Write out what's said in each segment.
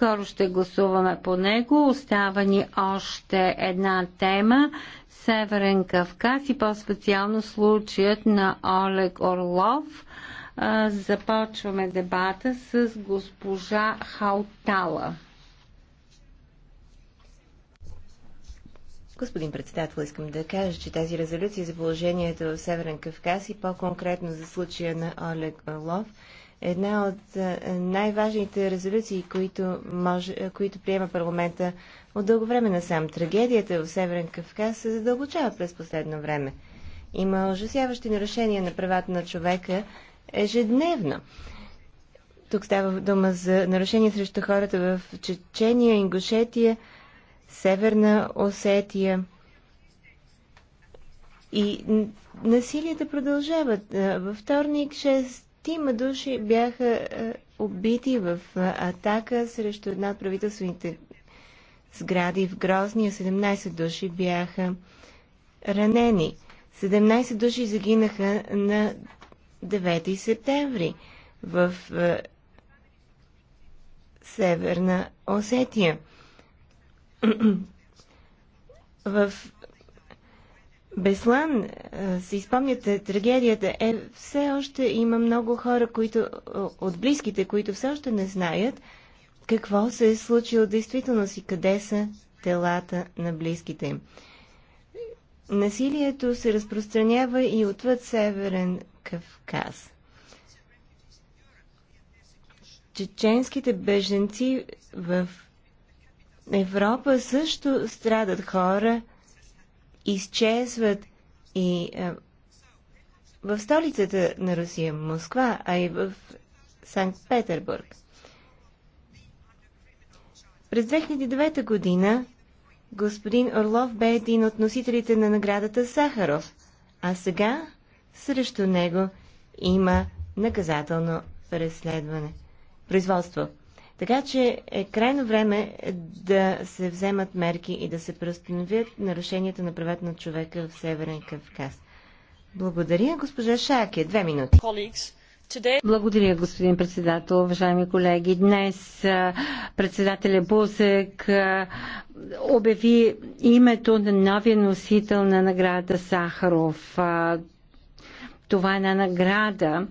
Скоро ще гласуваме по него. Остава ни още една тема – Северен Кавказ и по-специално случаят на Олег Орлов. Започваме дебата с госпожа Хаутала. Господин председател, искам да кажа, че тази резолюция за положението в Северен Кавказ и по-конкретно за случая на Олег Орлов – една от най-важните резолюции, които, може, които приема парламента от дълго време насам. Трагедията в Северен Кавказ се задълбочава през последно време. Има ужасяващи нарушения на правата на човека ежедневно. Тук става дума за нарушения срещу хората в Чечения, Ингушетия, Северна Осетия. И насилията продължават. Във вторник Трима души бяха е, убити в е, атака срещу една от правителствените сгради в Грозния. 17 души бяха ранени. 17 души загинаха на 9 септември в е, Северна Осетия. в Беслан, е, си спомняте трагедията, е, все още има много хора, които, от близките, които все още не знаят какво се е случило действително си, къде са телата на близките им. Насилието се разпространява и отвъд Северен Кавказ. Чеченските беженци в Европа също страдат хора – изчезват и в столицата на Русия, Москва, а и в Санкт-Петербург. През 2009 година господин Орлов бе един от носителите на наградата Сахаров, а сега срещу него има наказателно преследване. Производство – така че е крайно време да се вземат мерки и да се преустановят нарушенията на правата на човека в Северен Кавказ. Благодаря, госпожа Шаке. Две минути. Благодаря, господин председател. Уважаеми колеги, днес председателя Бузек обяви името на новия носител на награда Сахаров. Това е една награда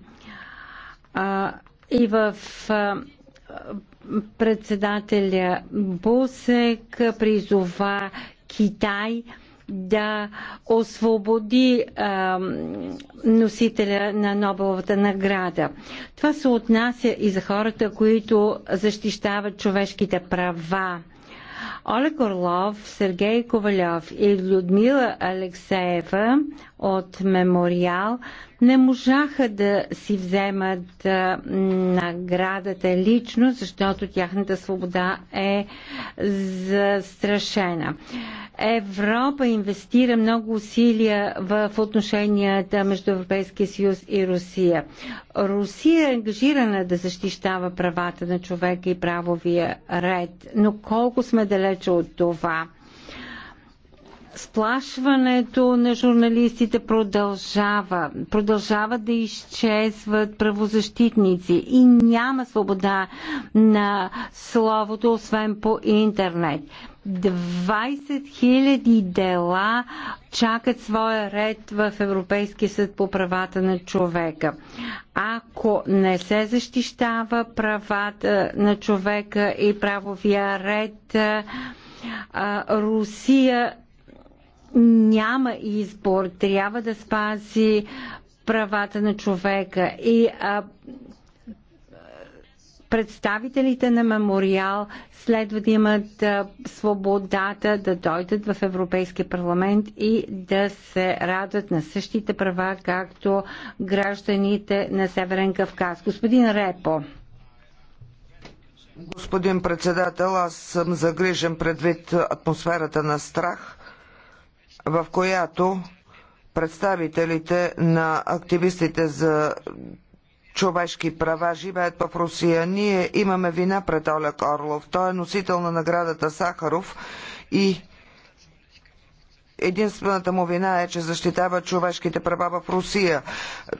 и в Председателя Бусек призова Китай да освободи а, носителя на Нобеловата награда. Това се отнася и за хората, които защищават човешките права. Олег Орлов, Сергей Ковалев и Людмила Алексеева от Мемориал не можаха да си вземат наградата лично, защото тяхната свобода е застрашена. Европа инвестира много усилия в отношенията между Европейския съюз и Русия. Русия е ангажирана да защищава правата на човека и правовия ред, но колко сме далече от това? сплашването на журналистите продължава. Продължават да изчезват правозащитници и няма свобода на словото, освен по интернет. 20 000 дела чакат своя ред в Европейския съд по правата на човека. Ако не се защищава правата на човека и правовия ред, Русия няма избор, трябва да спази правата на човека. И а, представителите на мемориал следва да имат свободата да дойдат в Европейския парламент и да се радват на същите права, както гражданите на Северен Кавказ. Господин Репо. Господин председател, аз съм загрижен предвид атмосферата на страх – в която представителите на активистите за човешки права живеят в Русия. Ние имаме вина пред Олег Орлов. Той е носител на наградата Сахаров и единствената му вина е, че защитава човешките права в Русия.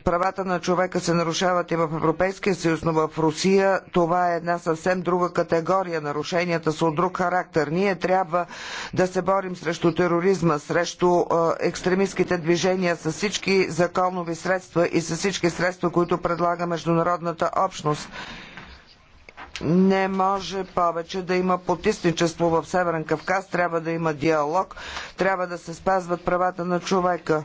Правата на човека се нарушават и в Европейския съюз, но в Русия това е една съвсем друга категория. Нарушенията са от друг характер. Ние трябва да се борим срещу тероризма, срещу екстремистските движения с всички законови средства и с всички средства, които предлага международната общност. Не може повече да има потисничество в Северен Кавказ, трябва да има диалог, трябва да се спазват правата на човека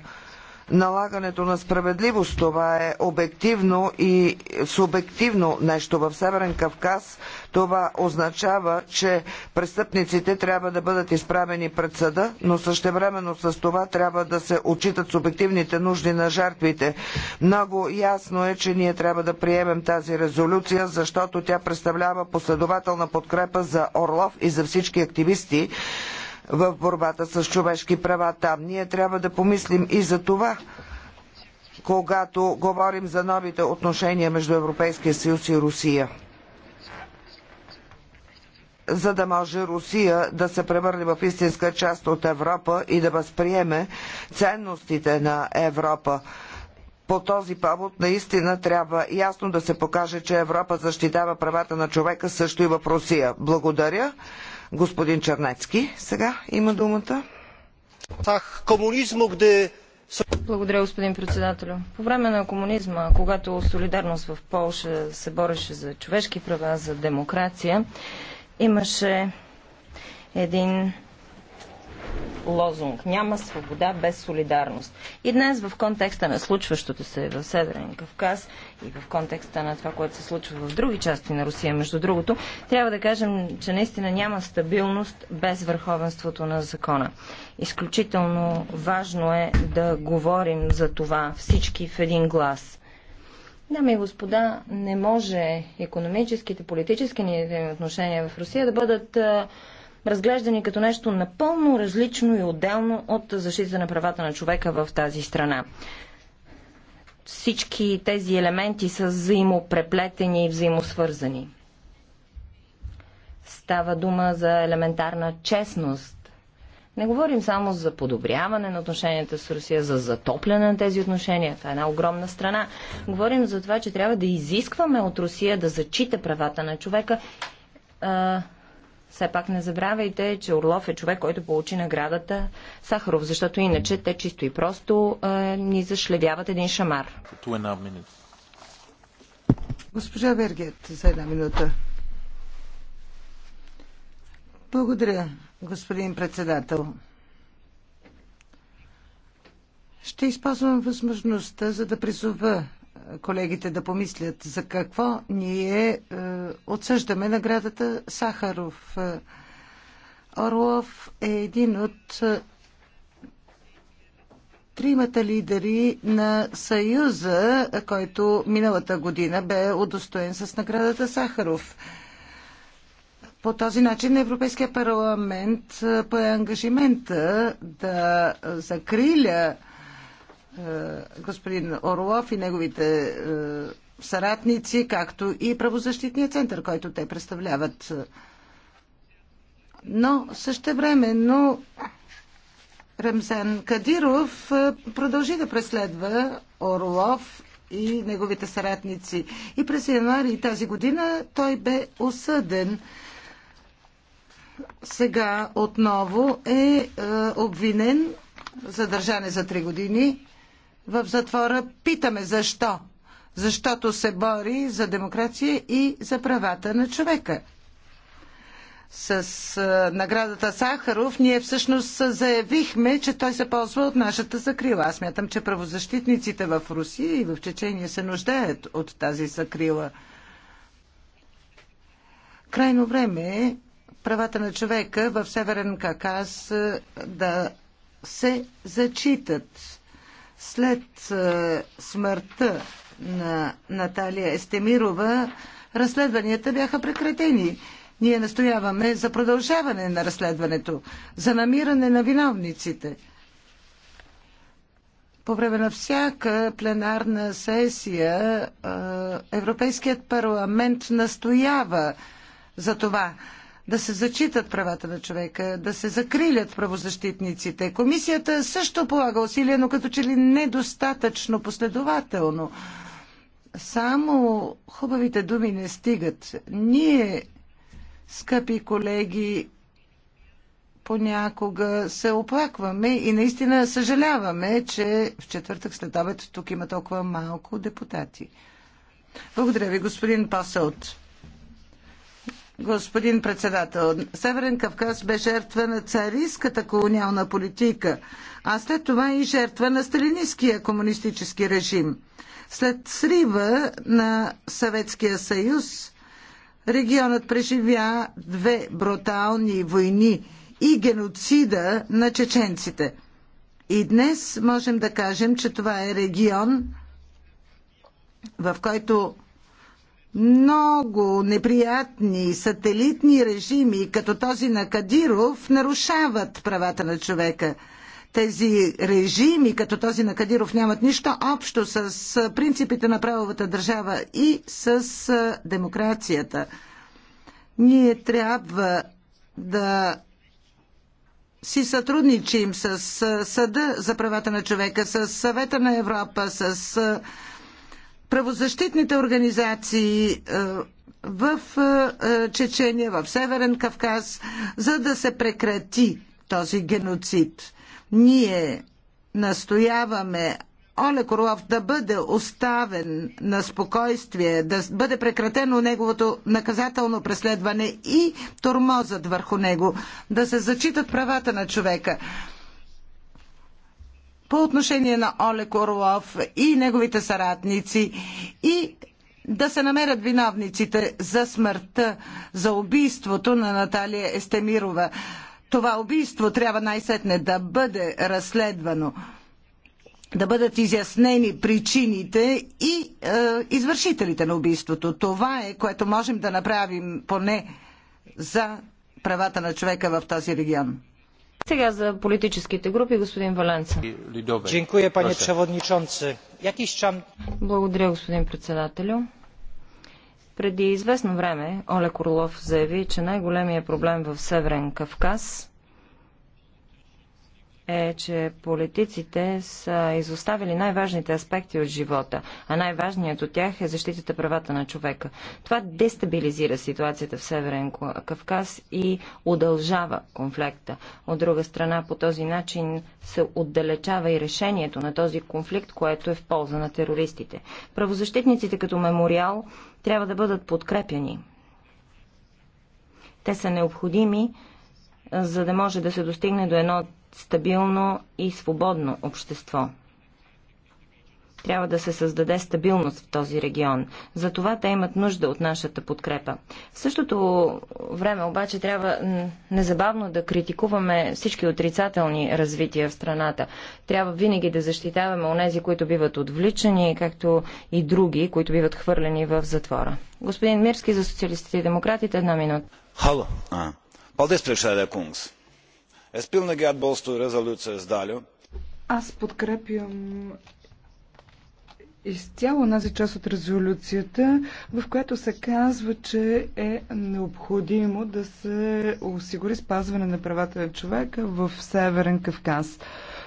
налагането на справедливост. Това е обективно и субективно нещо. В Северен Кавказ това означава, че престъпниците трябва да бъдат изправени пред съда, но същевременно с това трябва да се отчитат субективните нужди на жертвите. Много ясно е, че ние трябва да приемем тази резолюция, защото тя представлява последователна подкрепа за Орлов и за всички активисти, в борбата с човешки права там. Ние трябва да помислим и за това, когато говорим за новите отношения между Европейския съюз и Русия за да може Русия да се превърне в истинска част от Европа и да възприеме ценностите на Европа. По този повод наистина трябва ясно да се покаже, че Европа защитава правата на човека също и в Русия. Благодаря. Господин Чернецки сега има думата. Комунизму, где... Благодаря, господин председателю. По време на комунизма, когато Солидарност в Полша се бореше за човешки права, за демокрация, имаше един лозунг Няма свобода без солидарност. И днес в контекста на случващото се в Северен Кавказ и в контекста на това, което се случва в други части на Русия, между другото, трябва да кажем, че наистина няма стабилност без върховенството на закона. Изключително важно е да говорим за това всички в един глас. Дами и господа, не може економическите, политически ни отношения в Русия да бъдат е, разглеждани като нещо напълно различно и отделно от защита на правата на човека в тази страна. Всички тези елементи са взаимопреплетени и взаимосвързани. Става дума за елементарна честност. Не говорим само за подобряване на отношенията с Русия, за затопляне на тези отношения. Това е една огромна страна. Говорим за това, че трябва да изискваме от Русия да зачита правата на човека все пак не забравяйте, че Орлов е човек, който получи наградата Сахаров, защото иначе те чисто и просто е, ни зашлевяват един шамар. Госпожа Бергет, за една минута. Благодаря, господин председател. Ще използвам възможността, за да призова колегите да помислят за какво ние е, отсъждаме наградата Сахаров. Е, Орлов е един от е, тримата лидери на Съюза, който миналата година бе удостоен с наградата Сахаров. По този начин Европейския парламент пое ангажимента да закриля е, господин Орлов и неговите е, съратници, както и правозащитния център, който те представляват. Но също време, но Рамзан Кадиров е, продължи да преследва Орлов и неговите съратници. И през януари тази година той бе осъден. Сега отново е, обвинен, за държане за три години в затвора, питаме защо. Защото се бори за демокрация и за правата на човека. С наградата Сахаров ние всъщност заявихме, че той се ползва от нашата закрила. Аз мятам, че правозащитниците в Русия и в Чечения се нуждаят от тази закрила. Крайно време е правата на човека в Северен Каказ да се зачитат. След е, смъртта на Наталия Естемирова, разследванията бяха прекратени. Ние настояваме за продължаване на разследването, за намиране на виновниците. По време на всяка пленарна сесия е, Европейският парламент настоява за това да се зачитат правата на човека, да се закрилят правозащитниците. Комисията също полага усилия, но като че ли недостатъчно последователно. Само хубавите думи не стигат. Ние, скъпи колеги, понякога се оплакваме и наистина съжаляваме, че в четвъртък след обед тук има толкова малко депутати. Благодаря ви, господин Пасълт господин председател. Северен Кавказ бе жертва на царистската колониална политика, а след това и жертва на сталинистския комунистически режим. След срива на Съветския съюз, регионът преживя две брутални войни и геноцида на чеченците. И днес можем да кажем, че това е регион, в който много неприятни сателитни режими, като този на Кадиров, нарушават правата на човека. Тези режими, като този на Кадиров, нямат нищо общо с принципите на правовата държава и с демокрацията. Ние трябва да си сътрудничим с Съда за правата на човека, с Съвета на Европа, с правозащитните организации е, в е, е, Чечения, в Северен Кавказ, за да се прекрати този геноцид. Ние настояваме Олег Орлов да бъде оставен на спокойствие, да бъде прекратено неговото наказателно преследване и тормозът върху него, да се зачитат правата на човека по отношение на Олег Орлов и неговите съратници и да се намерят виновниците за смъртта, за убийството на Наталия Естемирова. Това убийство трябва най-сетне да бъде разследвано, да бъдат изяснени причините и е, извършителите на убийството. Това е, което можем да направим поне за правата на човека в този регион. Сега за политическите групи, господин Валенца. Благодаря, господин председателю. Преди известно време Олег Орлов заяви, че най-големия проблем в Северен Кавказ е, че политиците са изоставили най-важните аспекти от живота, а най-важният от тях е защитата правата на човека. Това дестабилизира ситуацията в Северен Кавказ и удължава конфликта. От друга страна, по този начин се отдалечава и решението на този конфликт, което е в полза на терористите. Правозащитниците като мемориал трябва да бъдат подкрепени. Те са необходими, за да може да се достигне до едно стабилно и свободно общество. Трябва да се създаде стабилност в този регион. Затова те имат нужда от нашата подкрепа. В същото време обаче трябва незабавно да критикуваме всички отрицателни развития в страната. Трябва винаги да защитаваме онези, които биват отвличани, както и други, които биват хвърлени в затвора. Господин Мирски за социалистите и демократите, една минута. Хало. Палдес Кунгс. Es pilnīgi atbalstu rezolūcijas daļu. Аз подкрепям изцяло тази част от резолюцията, в която се казва, че е необходимо да се осигури спазване на правата на човека в Северен Кавказ.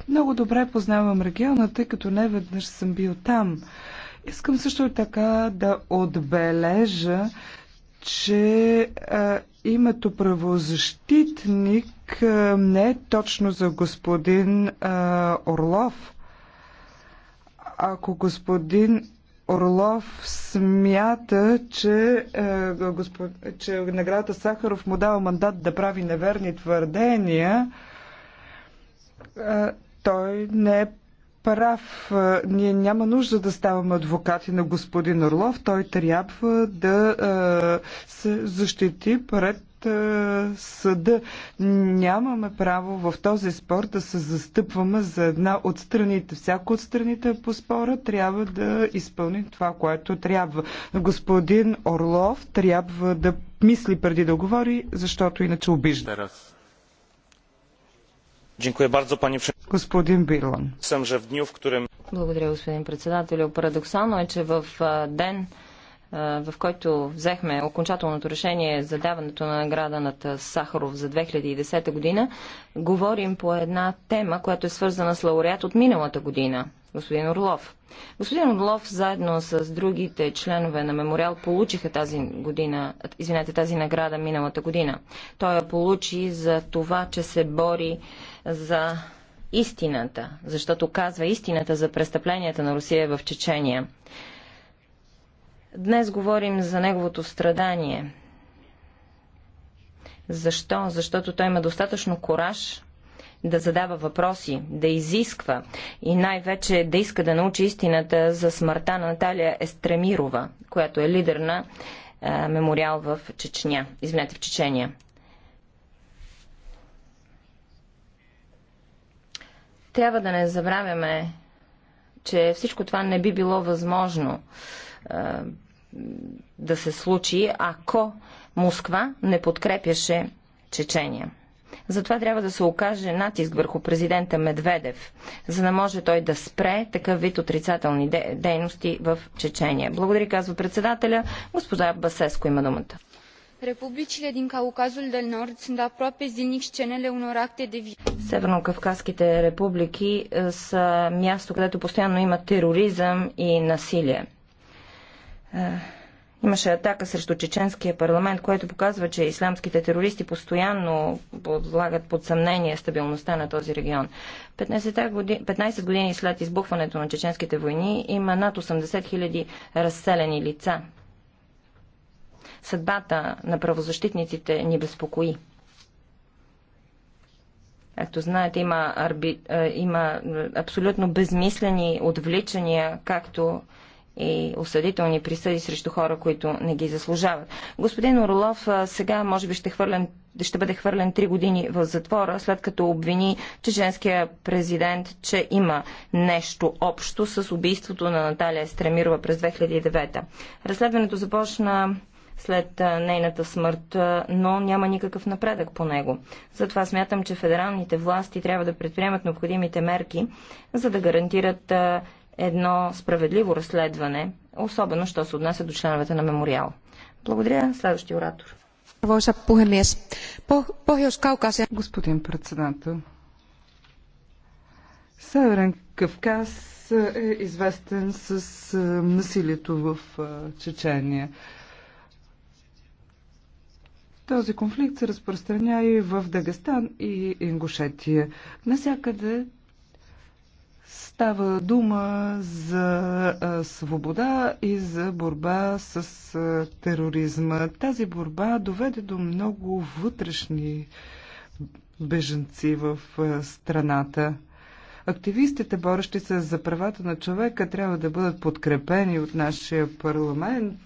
Много добре познавам региона, тъй като не веднъж съм бил там. Искам също така да отбележа, че а, името правозащитник а, не е точно за господин а, Орлов. Ако господин Орлов смята, че, а, господ... че наградата Сахаров му дава мандат да прави неверни твърдения, а, той не е прав. Е, ние няма нужда да ставаме адвокати на господин Орлов. Той трябва да е, се защити пред е, съда. Нямаме право в този спор да се застъпваме за една от страните. Всяко от страните по спора трябва да изпълни това, което трябва. Господин Орлов трябва да мисли преди да говори, защото иначе обижда. Господин Благодаря, господин председател. Парадоксално е, че в ден, в който взехме окончателното решение за даването на наградата Сахаров за 2010 година, говорим по една тема, която е свързана с лауреат от миналата година, господин Орлов. Господин Орлов заедно с другите членове на Мемориал получиха тази година, извинете, тази награда миналата година. Той я получи за това, че се бори за истината, защото казва истината за престъпленията на Русия в Чечения. Днес говорим за неговото страдание. Защо? Защото той има достатъчно кораж да задава въпроси, да изисква и най-вече да иска да научи истината за смъртта на Наталия Естремирова, която е лидер на е, мемориал в Чечня. Извинете, в Чечения. Трябва да не забравяме, че всичко това не би било възможно е, да се случи, ако Москва не подкрепяше Чечения. Затова трябва да се окаже натиск върху президента Медведев, за да може той да спре такъв вид отрицателни дейности в Чечения. Благодаря, казва председателя. Госпожа Басеско има думата. Републиките din Caucazul del Nord sunt aproape zilnic scenele unor acte de violență. Севернокавказските републики са място, където постоянно има тероризъм и насилие. Имаше атака срещу чеченския парламент, което показва, че исламските терористи постоянно подлагат под съмнение стабилността на този регион. 15 години, 15 години след избухването на чеченските войни има над 80 000 разселени лица Съдбата на правозащитниците ни безпокои. Както знаете, има, арби... Е, има е, абсолютно безмислени отвличания, както и осъдителни присъди срещу хора, които не ги заслужават. Господин Орлов е, сега може би ще, хвърлен, ще бъде хвърлен 3 години в затвора, след като обвини чеченския президент, че има нещо общо с убийството на Наталия Стремирова през 2009. Разследването започна след нейната смърт, но няма никакъв напредък по него. Затова смятам, че федералните власти трябва да предприемат необходимите мерки, за да гарантират едно справедливо разследване, особено що се отнася до членовете на мемориал. Благодаря. Следващия оратор. Господин председател, Северен Кавказ е известен с насилието в Чечения. Този конфликт се разпространя и в Дагестан и Ингушетия. Насякъде става дума за свобода и за борба с тероризма. Тази борба доведе до много вътрешни беженци в страната. Активистите, борещи се за правата на човека, трябва да бъдат подкрепени от нашия парламент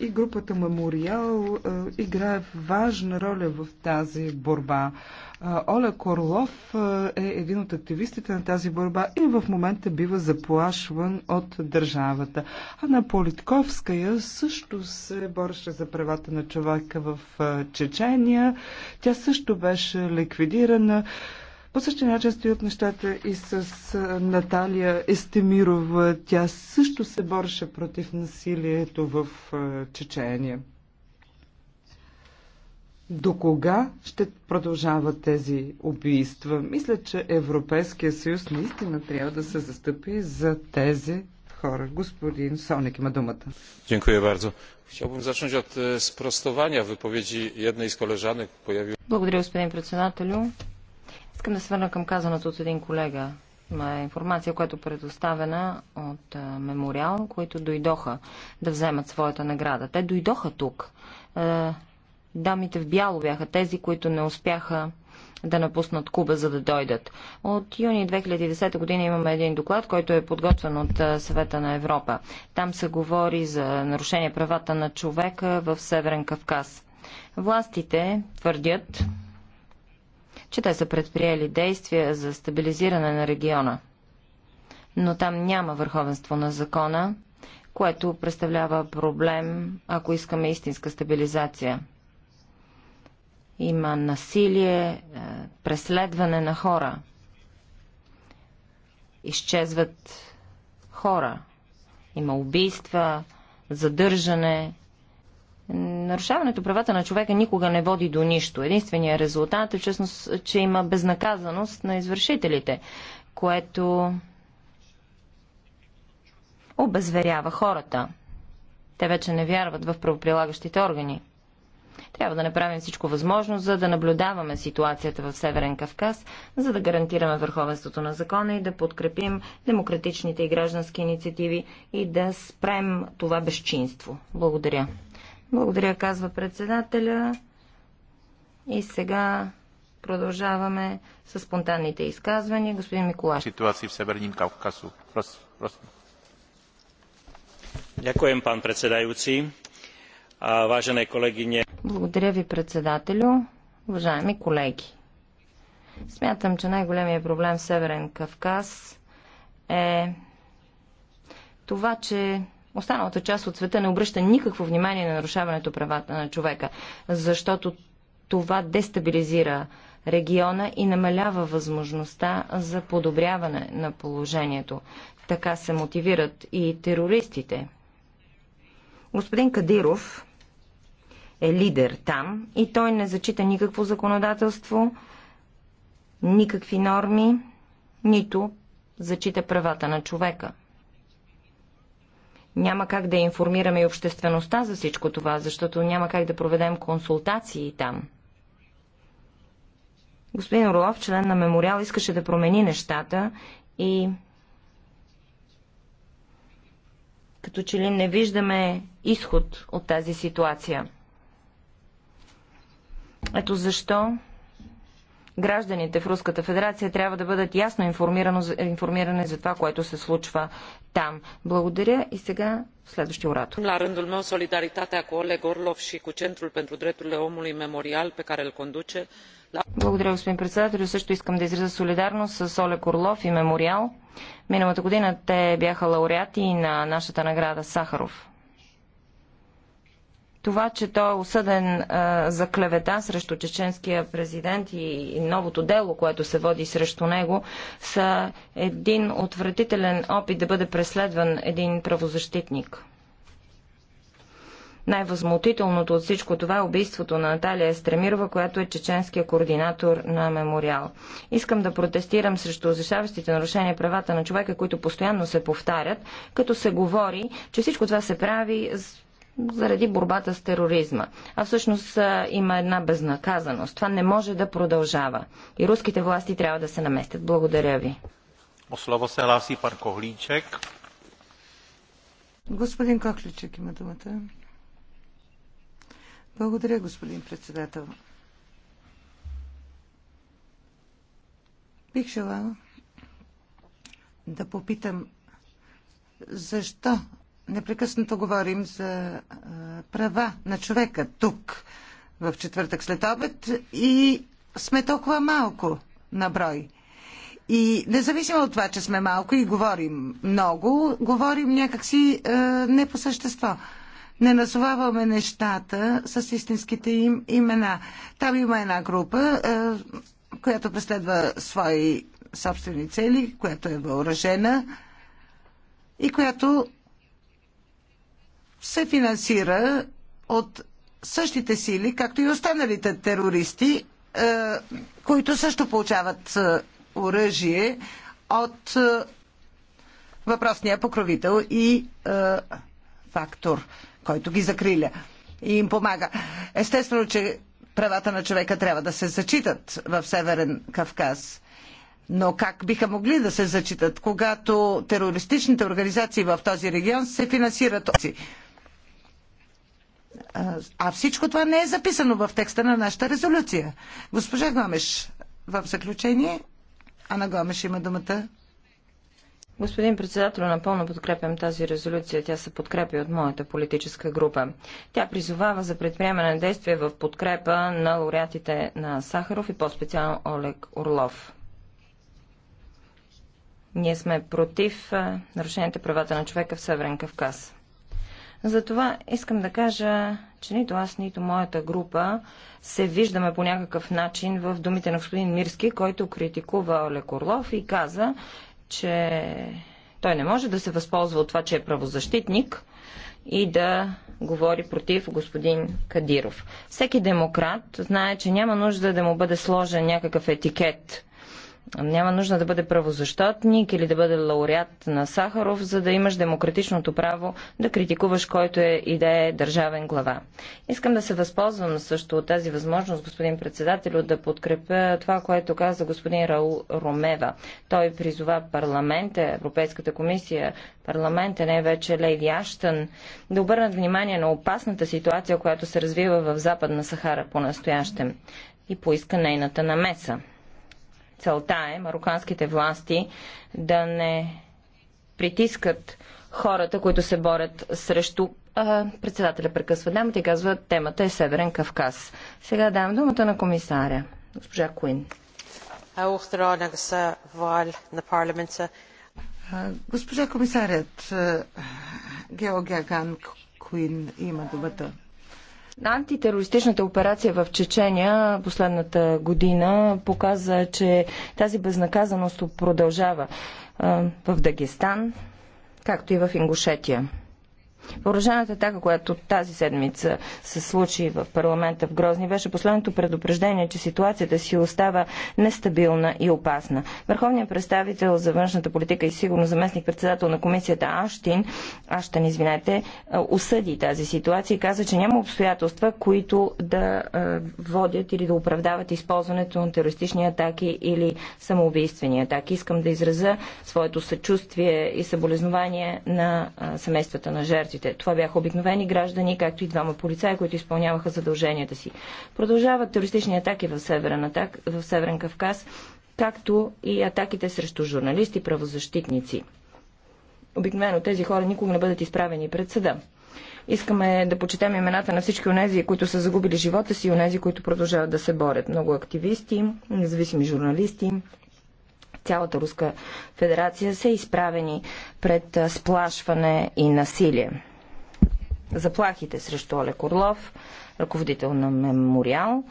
и групата Мемориал е, играе важна роля в тази борба. Е, Оля Корлов е, е един от активистите на тази борба и в момента бива заплашван от държавата. Ана Политковская също се бореше за правата на човека в Чечения. Тя също беше ликвидирана. По същия начин стоят нещата и с Наталия Естемирова. Тя също се бореше против насилието в Чечения. До кога ще продължават тези убийства? Мисля, че Европейския съюз наистина трябва да се застъпи за тези хора. Господин Соник има думата. Chciałbym zacząć od e, sprostowania wypowiedzi jednej z koleżanek. Pojawił... Благодаря, господин председателю. Искам да се върна към казаното от един колега. е информация, която е предоставена от Мемориал, които дойдоха да вземат своята награда. Те дойдоха тук. Дамите в бяло бяха тези, които не успяха да напуснат Куба, за да дойдат. От юни 2010 година имаме един доклад, който е подготвен от Съвета на Европа. Там се говори за нарушение правата на човека в Северен Кавказ. Властите твърдят, че те са предприели действия за стабилизиране на региона. Но там няма върховенство на закона, което представлява проблем, ако искаме истинска стабилизация. Има насилие, е, преследване на хора. Изчезват хора. Има убийства, задържане, Нарушаването правата на човека никога не води до нищо. Единственият резултат е, честност, че има безнаказаност на извършителите, което обезверява хората. Те вече не вярват в правоприлагащите органи. Трябва да направим всичко възможно, за да наблюдаваме ситуацията в Северен Кавказ, за да гарантираме върховенството на закона и да подкрепим демократичните и граждански инициативи и да спрем това безчинство. Благодаря. Благодаря, казва председателя. И сега продължаваме с спонтанните изказвания. Господин Миколаш. Ситуации в Северним Кавказу. Просим. Ďakujem, пан predsedajúci. A vážené Благодаря ви, председателю. Уважаеми колеги. Смятам, че най-големия проблем в Северен Кавказ е това, че останалата част от света не обръща никакво внимание на нарушаването правата на човека, защото това дестабилизира региона и намалява възможността за подобряване на положението. Така се мотивират и терористите. Господин Кадиров е лидер там и той не зачита никакво законодателство, никакви норми, нито зачита правата на човека. Няма как да информираме и обществеността за всичко това, защото няма как да проведем консултации там. Господин Орлов, член на Мемориал, искаше да промени нещата и като че ли не виждаме изход от тази ситуация. Ето защо Гражданите в Руската федерация трябва да бъдат ясно информирани за това, което се случва там. Благодаря и сега следващия оратор. La rândul meu, solidaritatea cu Oleg Orlov și cu Centrul pentru Drepturile Omului Memorial pe care îl conduce. Благодаря, господин председател. Също искам да изразя солидарност с Олег Орлов и Мемориал. Миналата година те бяха лауреати на нашата награда Сахаров. Това, че той е осъден а, за клевета срещу чеченския президент и, и новото дело, което се води срещу него, са един отвратителен опит да бъде преследван един правозащитник. Най-възмутителното от всичко това е убийството на Наталия Естремирова, която е чеченския координатор на мемориал. Искам да протестирам срещу защаващите нарушения правата на човека, които постоянно се повтарят, като се говори, че всичко това се прави заради борбата с тероризма. А всъщност има една безнаказаност. Това не може да продължава. И руските власти трябва да се наместят. Благодаря ви. О слово се ласи пан Господин Кохличек има думата. Благодаря, господин председател. Бих желала да попитам защо непрекъснато говорим за права на човека тук в четвъртък след обед и сме толкова малко на брой. И независимо от това, че сме малко и говорим много, говорим някакси а, не по същество. Не назоваваме нещата с истинските им имена. Там има една група, а, която преследва свои собствени цели, която е въоръжена и която се финансира от същите сили, както и останалите терористи, е, които също получават е, оръжие от е, въпросния покровител и фактор, който ги закриля и им помага. Естествено, че правата на човека трябва да се зачитат в Северен Кавказ. Но как биха могли да се зачитат, когато терористичните организации в този регион се финансират? А всичко това не е записано в текста на нашата резолюция. Госпожа Гомеш, в заключение, Ана Гомеш има думата. Господин председател, напълно подкрепям тази резолюция. Тя се подкрепи от моята политическа група. Тя призовава за предприемане на действия в подкрепа на лауреатите на Сахаров и по-специално Олег Орлов. Ние сме против нарушените правата на човека в Северен Кавказ. Затова искам да кажа, че нито аз, нито моята група се виждаме по някакъв начин в думите на господин Мирски, който критикува Олег Орлов и каза, че той не може да се възползва от това, че е правозащитник и да говори против господин Кадиров. Всеки демократ знае, че няма нужда да му бъде сложен някакъв етикет няма нужда да бъде правозащитник или да бъде лауреат на Сахаров, за да имаш демократичното право да критикуваш който е и да е държавен глава. Искам да се възползвам също от тази възможност, господин председател, да подкрепя това, което каза господин Раул Ромева. Той призова парламента, Европейската комисия, парламента, не вече Лейди Аштън, да обърнат внимание на опасната ситуация, която се развива в Западна Сахара по-настоящем и поиска нейната намеса. Целта е мароканските власти да не притискат хората, които се борят срещу а, председателя прекъсва дамата и казва темата е Северен Кавказ. Сега давам думата на комисаря, госпожа Куин. Е, госпожа комисарят Георгия Ган Куин има думата. Антитерористичната операция в Чечения последната година показа, че тази безнаказаност продължава в Дагестан, както и в Ингушетия. Въоръжената атака, която тази седмица се случи в парламента в Грозни, беше последното предупреждение, че ситуацията си остава нестабилна и опасна. Върховният представител за външната политика и сигурно заместник председател на комисията Аштин, Аштин, извинете, осъди тази ситуация и каза, че няма обстоятелства, които да водят или да оправдават използването на терористични атаки или самоубийствени атаки. Искам да изразя своето съчувствие и съболезнование на семействата на жертвите жертвите. Това бяха обикновени граждани, както и двама полицаи, които изпълняваха задълженията си. Продължават терористични атаки в Северен, атак, в Северен Кавказ, както и атаките срещу журналисти и правозащитници. Обикновено тези хора никога не бъдат изправени пред съда. Искаме да почетем имената на всички онези, които са загубили живота си и онези, които продължават да се борят. Много активисти, независими журналисти, цялата Руска федерация са изправени пред сплашване и насилие. Заплахите срещу Олег Орлов, ръководител на мемориал,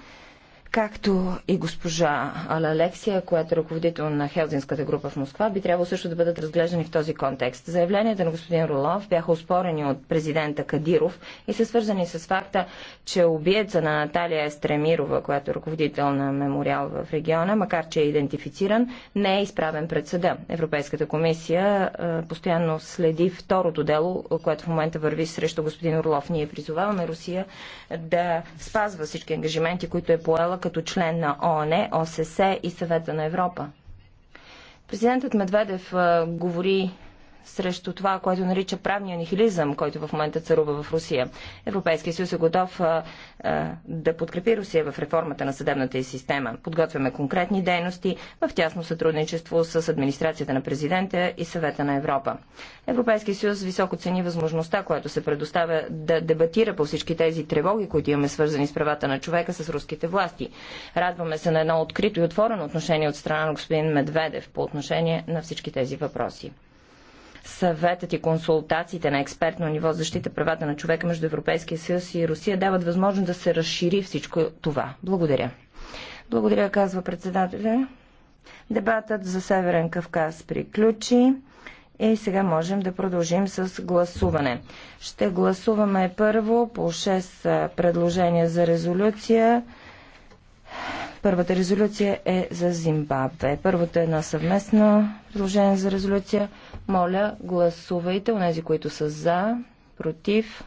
както и госпожа Алексия, която е ръководител на Хелзинската група в Москва, би трябвало също да бъдат разглеждани в този контекст. Заявленията на господин Ролов бяха успорени от президента Кадиров и са свързани с факта, че убиеца на Наталия Естремирова, която е ръководител на мемориал в региона, макар че е идентифициран, не е изправен пред съда. Европейската комисия е, постоянно следи второто дело, което в момента върви срещу господин Орлов. Ние призоваваме Русия да спазва всички ангажименти, които е поела като член на ООН, ОССЕ и Съвета на Европа. Президентът Медведев говори срещу това, което нарича правния нихилизъм, който в момента царува в Русия. Европейския съюз е готов а, а, да подкрепи Русия в реформата на съдебната и система. Подготвяме конкретни дейности в тясно сътрудничество с администрацията на президента и съвета на Европа. Европейския съюз високо цени възможността, която се предоставя да дебатира по всички тези тревоги, които имаме свързани с правата на човека с руските власти. Радваме се на едно открито и отворено отношение от страна на господин Медведев по отношение на всички тези въпроси съветът и консултациите на експертно ниво защита правата на човека между Европейския съюз и Русия дават възможност да се разшири всичко това. Благодаря. Благодаря, казва председателя. Дебатът за Северен Кавказ приключи. И сега можем да продължим с гласуване. Ще гласуваме първо по 6 предложения за резолюция. Първата резолюция е за Зимбабве. Първата е една съвместна предложение за резолюция. Моля, гласувайте, онези, които са за, против,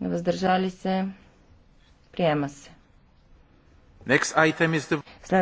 въздържали се, приема се. Next item is the...